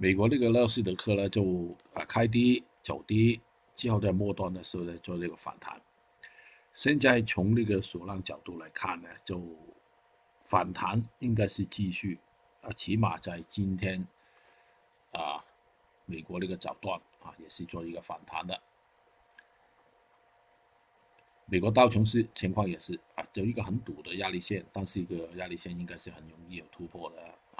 美國那個納斯達克呢，就啊開低走低，之後在末端的時候呢，做這個反彈。現在從那個數浪角度來看呢，就反彈應該是繼續，啊起碼在今天，啊美國那個早段啊也是做一個反彈的。美國道瓊斯情況也是啊就一個很堵的壓力線，但是一個壓力線應該是很容易有突破的。